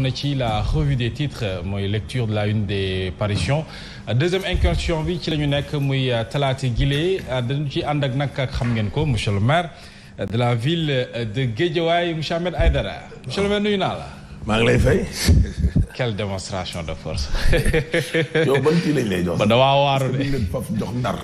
na ci la revue des titres mooy lecture de la une des parutions deuxième incursion bi ci la ñu nekk muy talaata gile dañu ci ànd ak nag ak xam ngeen ko monsieur le maire de la ville de Guédiawaye monsieur Ahmed Aïdara monsieur le maire nuyu naa la. maa ngi lay fay. quelle démonstration de force. yow ban kii lañ lay jox. ba damaa waaru de leen faf jox ndar.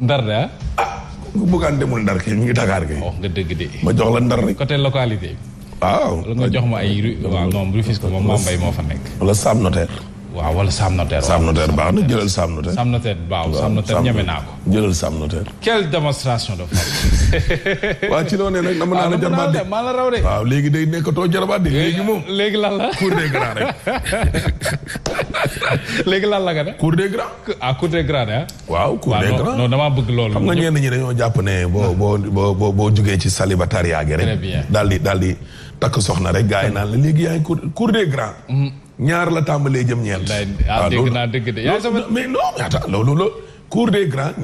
ndar de ah? Ah, ngi Dakar kay. Oh, nga dëgg de. ma jox la ndar rek. côté localité. waaw nga jox ma ay waaw non Rufisque moom Mame Mbaye moo fa nekk. wala Sam Notaire. waaw wala Sam Notaire. Sam Notaire baax na jëlal Sam Notaire. Sam Notaire baaw Sam Notaire ñeme naa ko. jëlal Sam Notaire. quelle démonstration de force. waa ci loo ne nag nama ah, naa la jarbaat de waaw léegi day nekkatoo jarbaat de léegi moom. léegi lan la cour des la nga ne. cour des grands. Ah, ah. waaw cour des grands damaa bëgg loolu. xam nga ñenn ñi dañoo jàpp ne boo boo boo boo jugee ci célibataire yaa gi rek. très bien daal di daal di takk soxna rek gars yi naan la léegi yaa cour des grands. Mm. ñaar la tàmbalee jëm ñeent. Ah, ah dégg naa dégg de yaa sama mais non mais attends loolu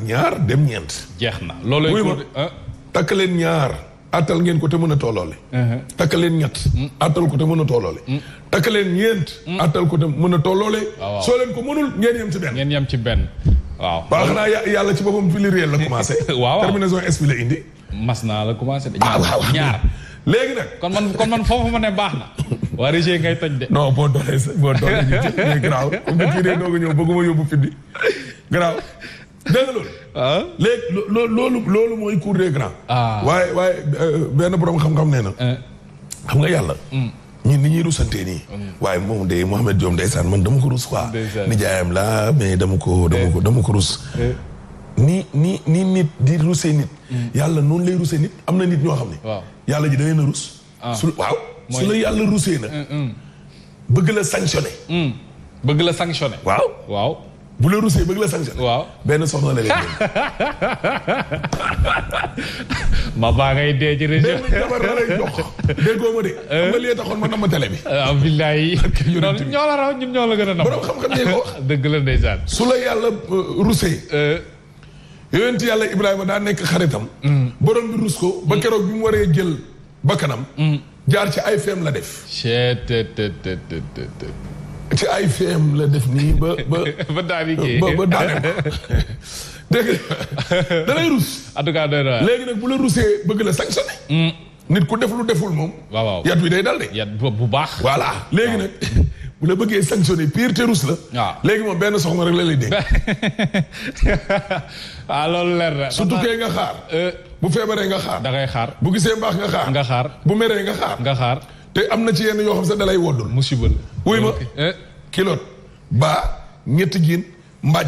ñaar dem ñeent. jeex na loolu la ah. takk leen ñaar attal ngeen ko te mën a tolloole. Uh-huh. takk leen ñett. Mm. attal ko te mën a tolloole. Mm. takk leen ñeent. Mm. attal ko te mën a tolloole. soo leen ko mënul ngeen yem si benn. ngeen yem ci benn waaw. waaw xanaa yàlla ci boppam pluriel la commencé. waaw terminaison S bi la mas naa la commencé. ah waaw ñaar léegi nag. kon man kon ma ne baax na. waa Régé ngay toj de. non boo doolee sa boo doolee ñu ci mais garaaw comme que kii de doo ko ñëw bëgguma yóbbu fiddi garaaw loolu. Ah. léegi loo loolu loolu mooy cour des grands. Ah. waaye waaye euh, benn borom xam-xam nee na. Eh. xam nga yàlla. Hmm. ñun ni ñuy rusantee nii. Hmm. waaye moom de Mouhamed Diom ndeysaan man dama ko rus nijaayam la mais dama ko ko eh. dama ko rus. Eh. ni ni ni nit di nit. Hmm. yàlla noonu lay rusee nit am na nit ñoo xam ne. waaw yàlla ji da leen a ah. waaw. su la yàlla rusee na. Mm, mm. bëgg la sanctionné. Mm. bëgg la sanctionné. waaw waaw. bu la rusee bëgg la sanctionné. waaw benn soxna la leen. ma baa ngay ma de. xam nga liy taxoon ma namm ah, ñoo la raw ñun ñoo la gën a namm. borom xam-xam yee ko dëgg la ndeysaan. su la yàlla euh, rusee. Euh. yonent yàlla Ibrahima daa nekk xaritam. borom bi rus ko. ba keroog bi mu waree jël bakkanam. jaar ci ay fem la def. ci IFM la def nii ba ba. ba daanike ba ba daane ko dégg nga da lay rus. en tout cas doy na bu la rusee bëgg la sanctionné. Mm. nit ku deful lu deful moom. waaw waaw yat wi day dal de. bu baax. voilà léegi nag. bu la bëggee sanctionné pire te rus la. waaw ah. léegi moom benn sox soxna rek la lay dégg. ah loolu leer na. su tukkee nga xaar. Euh. bu feebaree nga xaar. dangay xaar bu gisee mbaax nga xaar. nga bu meree nga xaar. nga xaar te am na ci yenn yoo xam sax dalay woddul. musiba la wuy ma euh. kiloot baa ñetti jiin mbaaj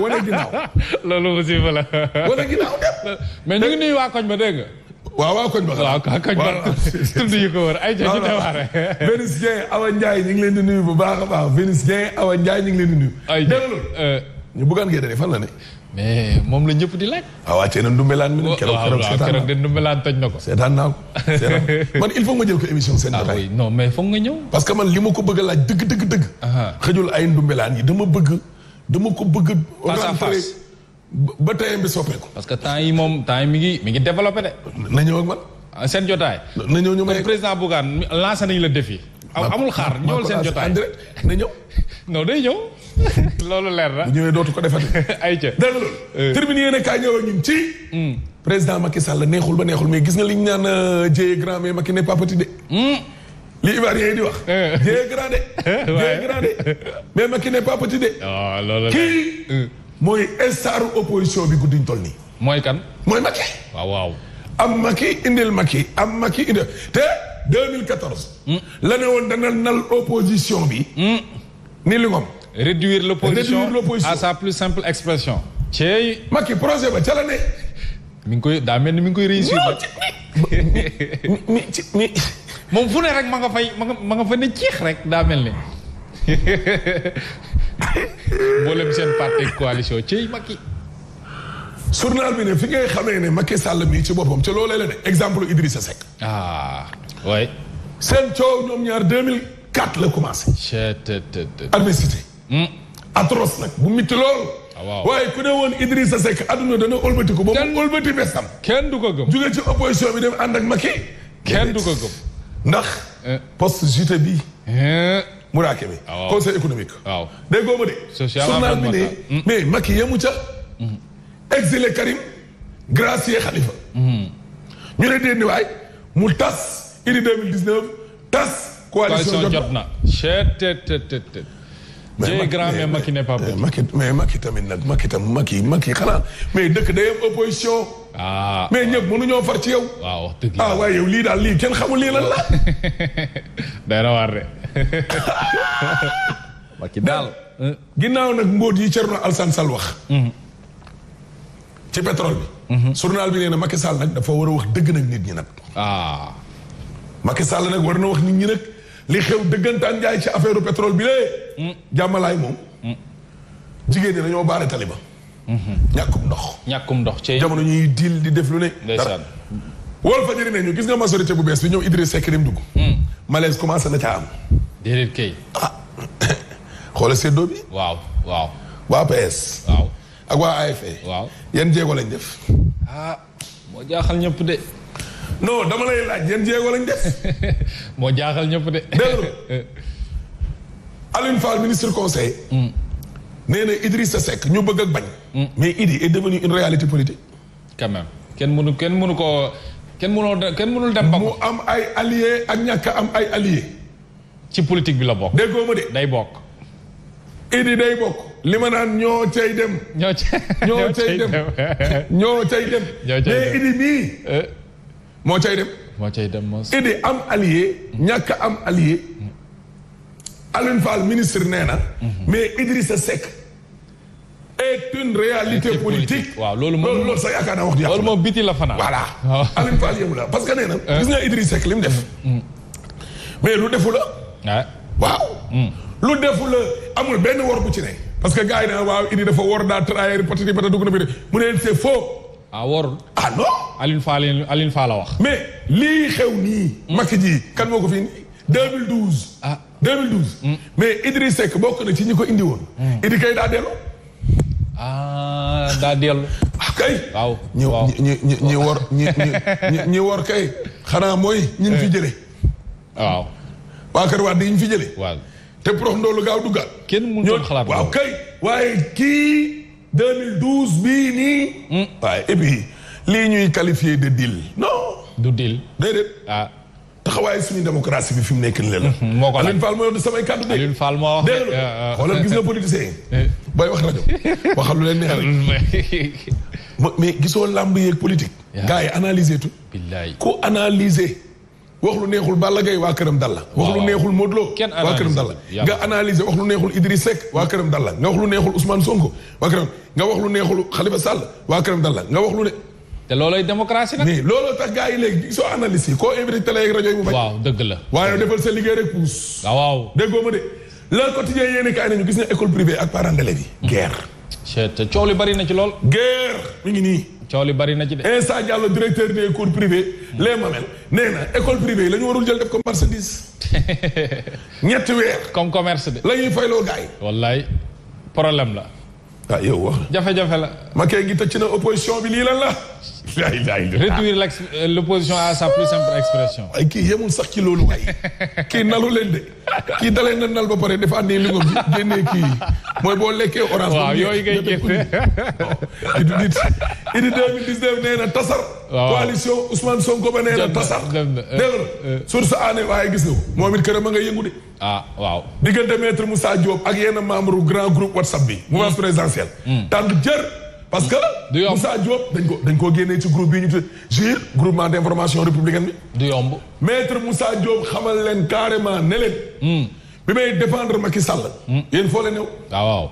wane ginnaaw. loolu musiba la. wane ginnaaw dem. mais ñu ngi waa koñ ba dégg waaw waaw koñ ba waaw koñ ba tudd yi ko wër ay ca ñu dewaare Vénus Dieng Awa Ndiaye ñu ngi leen di nuyu bu baax a baax Vénus Dieng Awa Ndiaye ñu ngi leen di nuyu ay déglu euh, ñu buggaan ngee dane fan a ne mais moom la ñëpp di laaj waaw ah, waa ceeneen ndumbelaan mi ne keroog keroog seetaan keroog de ndumbelaan toj na ko seetaan naa ko man il faut nga jël ko émission seen détail ah, non mais foog nga ñëw parce que man li ma ko bëgg a laaj dëgg dëgg dëgg xëjul ay ndumbelaan yi dama bëgg dama ko bëgg face à ba tayam bi soppeeku. parce que temps yi moom temps yi mi ngi mi ngi développé de. na ñëw ak man. Ah, seen jotaay. na ñëw ñu may président Bougane lancé nañu le défi. amul xaar ñëwal seen jotaay na ñëw. non day ñëw loolu leer na. bu ñëwee dootu ko defati. ay ca dégg loolu. Euh. terminé kaa ñëw ak ci. Hmm. président Macky Sall neexul ba neexul mais gis nga li ñu naan euh, Dieye grand mais Macky n'est pas de. Hmm. li Ivoirien yi di wax. Euh. Dieye grand de. mais Macky n'est pas de. Oh, loolu la mooy staru opposition bi guddiñ toll nii. mooy kan. mooy Macky. waaw waaw. am Macky indil Macky am makki indil te hmm. la ne woon dana nal opposition bi. Hmm. ni li moom. réduire l'opposition à sa plus simple expression. cey. Macky projet ba ca la ne. ngi koy daa mel ni mi ngi koy réussir. moom fu ne rek ma nga fay ma ma nga fa ne ciix rek daa mel ni. mboolem seen parti coalition ci Macky. journal bi ne fi ngay xamee ne Macky Sall mii ci boppam ca loolee la ne exemple Idrissa Seck. ah oui. seen coow ñoom ñaar 2004 la commencé. adversité. atroce nag bu mitti lool. waaw waaye ku ne woon Idrissa Seck adduna dana ëlbati ko. kenn ba mu ëlbati bestam. kenn du ko gëm. jugee ci opposition bi dem ànd ak Macky. muraakebe conseil économique. waaw déggoo ma de. social journal bi ne hmm. mais Macky ca. Hmm. exilé Karim gracier Khalifa. Hmm. ñu ne déedéet mu tas indi 2019 tas. coalition jot na coalition jot na. mais grand mais Macky n'est pas petit. Macky mais Macky tamit nag Macky tam Macky Macky xanaa mais dëkk day am opposition. ah mais ñëpp mënuñoo far ci yow. waaw ah waaye yow lii daal lii kenn xamul lii lan la. day rawaat de. Macky daal. ginnaaw nag mbóot yi Thierno Alassane Sall wax. Mm-hmm. ci pétrole bi. Mm-hmm. journal bi nee na Macky Sall nag dafa war a wax dëgg nag nit ñi nag. ah. Sall nag wax nit ñi li xew dëggantaan njaay ci affaire pétrole bi lee. jàmmalaay moom. jigéen ñi dañoo baare taliba. ñàkkum ndox. ñàkkum ndox cee jamono ñuy diil di def lu ne. ndeysaan fa jëri ne gis nga majorité bu bees bi ñëw Idriss Seck ni mu dugg. Hmm. malaise commencé na caa am. déedéet kay. ah xoolal séddoo bi. waaw waaw. waa PS. ak waa AFP. yan jéego lañ def. ah moo jaaxal ñëpp de. non dama lay laaj yan jéego lañ def. moo jaaxal ñëpp de. dégg Alioune Fall ministre conseil. Mm. nee na Idrissa Seck ñu bëgg ak bañ. Mm. mais Idi est devenu une réalité politique. quand kenn mënu kenn mënu koo kenn mënoo kenn mënul dem ba mu am ay alliés ak ñàkk am ay alliés. ci politique bi la bokk. déggoo ma de. day bokk. Idi day bokk. li ma naan ñoo cay dem. ñoo cay ñoo cay dem ñoo cay dem. mais Idi mii. Euh. moo cay dem. moo cay dem mos. idi am allié. ñàkk am allié. Alioune Fall ministre nee na. Mhm. mais Idrissa Seck. est une réalité politique. waaw loolu moom loolu sax yaakaar naa wax. loolu moom biti la fanaan. voilà Alioune Fall yemu la parce que nee na. gis nga Idrissa Seck li mu def. Mm, mm. lu defu la. waaw. Mm. lu defu la amul benn wor bu ci ne. parce que gars yi ne waaw Idi dafa wor daa trahir patati patata dugg na bi mu ne c'est faux. ah warul. ah non. Aline Fall la wax. mais lii xew nii. Mm. Macky ji kan moo ko fi indi 2012. ah mm. mais Idriss Seck bokk na ci ñi ko indi woon. Mm. Idi kay daa dellu. ah daa dellu. Ah, kay. waaw ñi war ñi kay. xanaa mooy ñu fi eh. jëlee. waaw. fi jëlee. waaw kay. waaye kii. 2012 bii nii. Hmm. waaye et puis lii ñuy qualifié de deal. non. du deal. déedéet. ah. taxawaay suñu démocratie bi fi mu nekk nii la. Hmm, hmm, moo ko laaj Alioune Fall moo yor samay kàddu de. Alioune Fall moo wax dégg nga ah, ah. xoolal gis nga politicien yi. Eh. booy wax rajo waxal lu leen neex rek. mais gisoo làmb yeeg politique. gaa yi analyser tout. billaay ku analyser. wax lu neexul Balla Gaye waa këram dal la wax lu neexul Modou Lo waa këram dal la nga analyser wax lu neexul Idriss Seck waa këram dal la nga wax lu neexul Ousmane Sonko waa wax lu neexul Khalifa la nga wax lu ne te loolooy démocratie tax gars yi léegi soo analyse yi koo invité télé mu bañ. waaw dëgg sa liggéey rek puus. waaw ah, waaw déggoo ma de. le quotidien yéen kaay gis nga école privée ak parents d'élèves yi. Hmm. guerre. li bari na ci lool. guerre mi ngi coow li bari na ci de. Insa eh, Diallo directeur des cours privés. les Mamelles nee na école privée yi la ñu warul jël def ko marchandise. ñetti weer. comme commerce de. la ñuy fayloo gars yi. wallaay problème la. ah yow jafe-jafe la. Macky ngi tëcc na opposition bi lii lan la. réduire l' euh, opposition à sa plus simple expression. ay kii yemul sax ci loolu waay kii nalu leen de kii dalee na nal ba pare dafa andi li nga génnee kii mooy boo lekkee orange. waaw yooyu ngay gerte. idi 2019 nee na tasar. coalition Ousmane Sonko ba nee na tasax eh. dégg nga eh. source ané waaye gis nga moom it këram a nga yëngu de ah, waaw diggante maître Moussa Diop ak yenn membre grand groupe WhatsApp bi mouvance hmm. présidentielle hmm. tàng jër parce que Moussa Diop dañ ko dañ koo génnee ci groupe bi ñu tuddee GIR groupement d'information républicaine bi du yomb maître Moussa Diop xamal leen carrément ne leen hmm. bi may défendre Macky Sall yéen foo leen new ah, waaw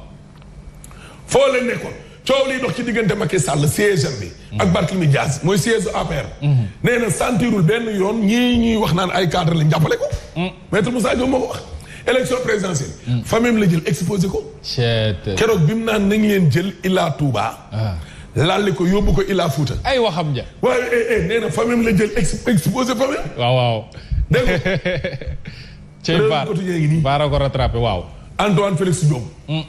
foo leen ko coow lii dox ci diggante Macky Sall si am bi. ak Barthélemy Dias mooy siège APR. nee na sentirul benn yoon ñii ñuy wax naan ay cadre la jàppale ko. maître Moussa Diop moo ko wax. élection présidentielle. famille la jël exposé ko. keroog bi mu naan nañ leen jël Ila Touba. Ah. laal ko yóbbu ko illa Fouta. ay waxam ja. waaye eh eh nee na famille la jël exposé famille. waaw waaw. dégg nga. Cheikh Baar Baara ko waaw. Antoine Félix Diome. Mm.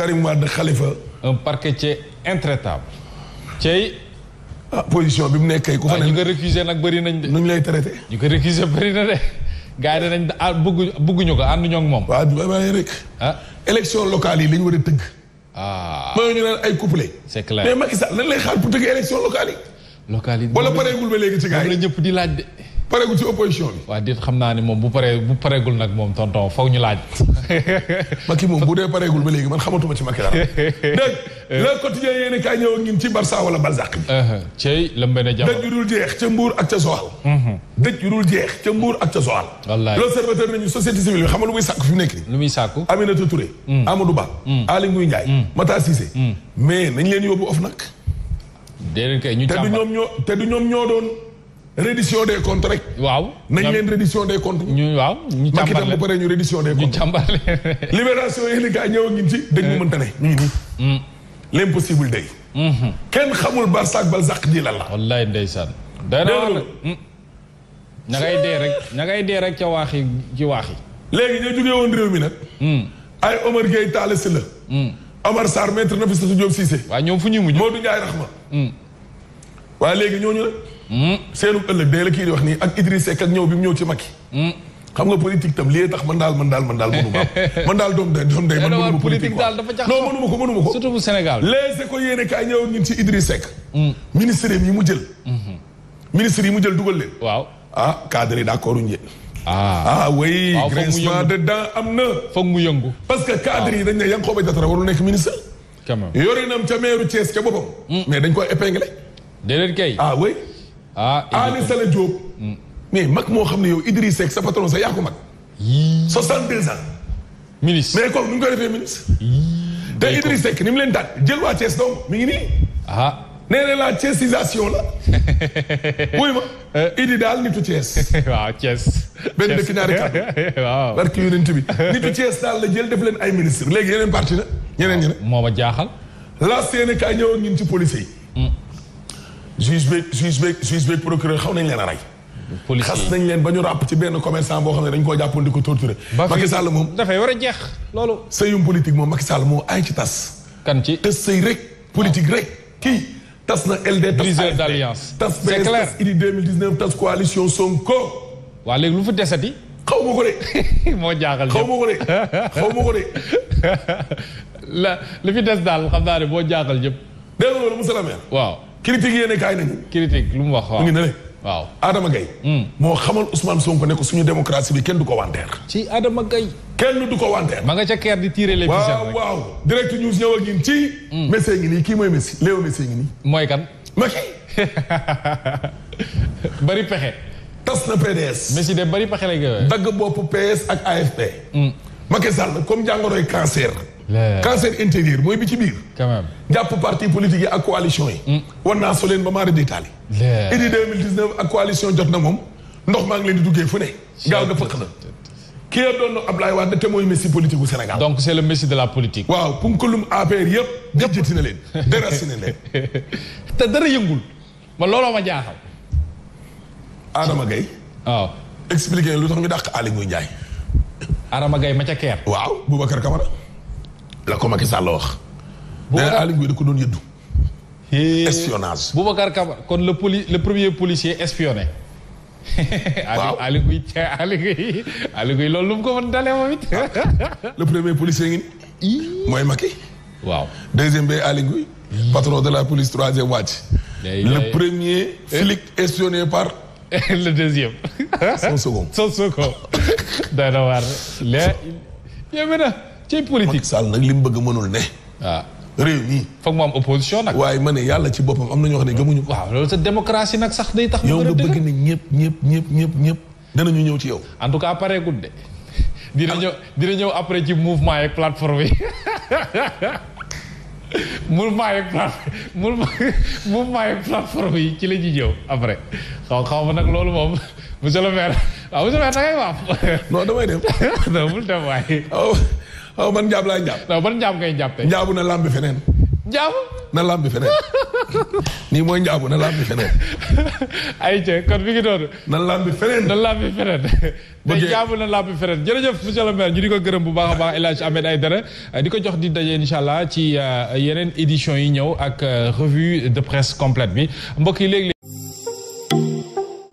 Karim Wade Khalifa. un parquetier intraitable. Cey. ah position bi mu nekkee ku fa ah, ne. ñu ko récuser nag bëri nañ de. nu lay traité. ñu ko récuser bëri na de. gars yi danañ ah bëggu bëgguñu ko ànduñu ak moom. waaw waaye rek. ah locale yi lañ war a tëgg. ah. mooy ñu naan ay couplé. c'est clair mais Macky Sall lan lay xaar pour tëgg élection locale yi. locale yi wala pareegul ba léegi ci gars yi. ñëpp di laaj de. pareegul ci opposition bi. waaw dit xam naa ne moom bu paree bu pareegul nag moom tonton foog ñu laaj. Macky moom bu dee ba léegi man xamatuma ci Macky i kaay ñëw ak ñun ci Barça wala Barzak bi. Uh-huh. Cey lëmbe na jamono dëj yu dul jeex ca Mbour ak ca Joal. Uh-huh. dëj yu dul jeex ca Mbour ak ca Joal. wallaay l'observateur nañu société civile bi xam nga lu muy sàkku fi mu nekk nii. lu muy sàkku Aminata Touré. Mm. Amadou Ba. Mm. Aly Ngouille Ndiaye. Mm. Matar Cissé. mais nañ leen yóbbu of nag. te du ñoom ñoo te du ñoom ñoo doon reddition des comptes rek. waaw nañ leen reddition des comptes. ñu waaw ñu càmbar leen bu paree ñu reddition des comptes. ñu càmbar leen yi li kaa ñëw ngi ci dañ mu mënta ne. ñu eh. ngi nii. Mm. l' impossible day. Mm-hmm. kenn xamul Barça ak di ji la la. wallaay ndeysaan. dégg mm. na ngay dee rek na ngay dee rek ca waax yi ci waax yi. léegi ñoo jógee woon réew mi nag. Mm. ay Omar Gueye Talla Sylla. Omar Sarr maître Nafissatou Diop Cissé. waaw ñoom fu ñuy mujj. Modou Ndiaye Rahma. waaye léegi ñooñu nag. Hmm. seenu ëllëg day la kii di wax nii ak Idriss Seck ak ñëw bi mu ñëw ci Macky hmm. xam nga politique tam lii tax man daal man daal man daal mënu ma man daal doom day doom day man mënu ma politique daal dafa jax non mënu ma ko mënu ma ko surtout bu Sénégal les écoles yéene kaay ñëw ñun ci Idriss Seck hmm. ministre yi mu jël ministre yi mu jël dugal leen waaw ah cadre yi d'accord uñu yéen ah ah oui grincement de dents am na foog mu yëngu parce que cadre yi ah. dañ ne Yankhoba Diattara warul nekk ministre quand même yorinam ca meeru Thiès ca boppam mais dañ koy épinglé déedéet kay ah oui ah, ah Aly Sala Diop. Hmm. mais mag moo xam ne yow Idriss Seck sa patron sa yaa ko mag. 62 ans. ministre mais kooku nu ñu defee ministre. te Idriss Seck ni mu leen daal jël waa Thiès donc mi ngi nii. ah nee na la Thièsisation la. wuy ma. Eh. Idi daal nitu Thiès. waaw Thiès. benn dëkk ñaari kàddu. waaw barke yonent bi nitu Thiès daal la jël def leen ay ministre léegi yeneen parti la. ñeneen ñi ne moo ma jaaxal. la CNK ñëwoon ñun ci policiers yi. Hmm. juge beeg juge beeg juge procureur xaw nañ leen a rey. xas nañ leen ba ñu ràpp ci benn commerçant boo xam ne dañ koo jàppoon di ko torturer. Sall moom dafay war a jeex loolu. sëyum politique moom Macky Sall moo ay ci tas. kan ci tas sëy rek. politique ah. rek kii tas na LD. briseur d'alliance tas tas IDI 2019 tas coalition Sonko. waa léegi lu fa desati. xaw ma ko de. moo jaaxal ñëpp xaw ma ko xaw ma ko la li fi des daal xam naa ne moo jaaxal ñëpp. dégg critique yéen a kaay nañu. critique lu mu wax waaw mu waaw Adama Gaye hmm. moo xamal Ousmane Sonko ko nekk suñu démocratie bi kenn du ko wanteer. ci Adama Gaye kenn du ko wanteer. ma nga ca kër di tirer les waaw waaw direct news ñëw ak ñun ci. Hmm. nii kii mooy Messi Léo Messi ngi nii. mooy kan. Macky. bari pexe. tas na PDS. Messi de bari pexe la gën. dagg bopp PS ak AFP. Hmm. Macky Sall comme jàngoroy cancer. cancer intérieur mooy bi ci biir. quand même jàpp parti politique yi ak coalition yi. Mm. war naa leen ba maa reddee taal yi. idi 2019 ak coalition jot na moom ndox maa ngi leen di duggee fu ne. gaaw nga fëkk na. kii la doon Ablaye Wade te mooy messi politique Sénégal. donc c'est le messi de la politique. waaw punkalum APR yëpp. yëpp jëti na leen déraciné leen. te dara yëngul ma looloo ma jaaxal. Adama Gaye waaw oh. lu tax ñu dàq Aly Ngouille Ndiaye. Adama Gaye la ko Macky Sall wax. Boubacar Aly Ngouille da le poli le premier policier espionné. waaw Aly Ngouille Aly lu mu ko mën dalee moom it. premier policier ngi mooy Macky. waaw deuxième bi Aly Ngouille. patron de la police troisième wàcc. le premier eh. flic espionné par. le deuxième. son second son second. doy na waar. na. ci politique Sall nag li mu bëgg mënul ne. waaw ah. réew mi. foog mu am opposition nag. waaye man ne yàlla ci boppam am na ñoo xam ne gëmuñu ko. waaw loolu sa démocratie nag sax day tax. yow nga bëgg ne ñëpp ñëpp ñëpp ñëpp ñëpp. danañu ñëw ci yow. en tout cas pareegul de. dina ñëw dina ñëw après ci mouvement yeeg plateforme yi. mouvement yeeg plateforme mouvement yeeg plateforme yi ci la ñuy ñëw après xaw xaw ma nag loolu moom monsieur le maire waaw ah, monsieur le maire da ngay wax. non damay dem. non dem waaye. waaw man njaab laay njaab. non ngay njaab tey. njaabu na làmbi feneen. njaabu. na làmbi feneen. nii mooy njaabu na làmbi feneen. ay kon mi ngi doon. na làmbi feneen. na làmbi feneen. te njaabu na làmbi feneen jërëjëf monsieur le maire ñu di ko gërëm bu baax a baax El Hadj Ahmed Aidara di ko jox di daje incha allah ci euh, yeneen édition yi ñëw ak euh, revue de presse complète bi mbokk yi léegi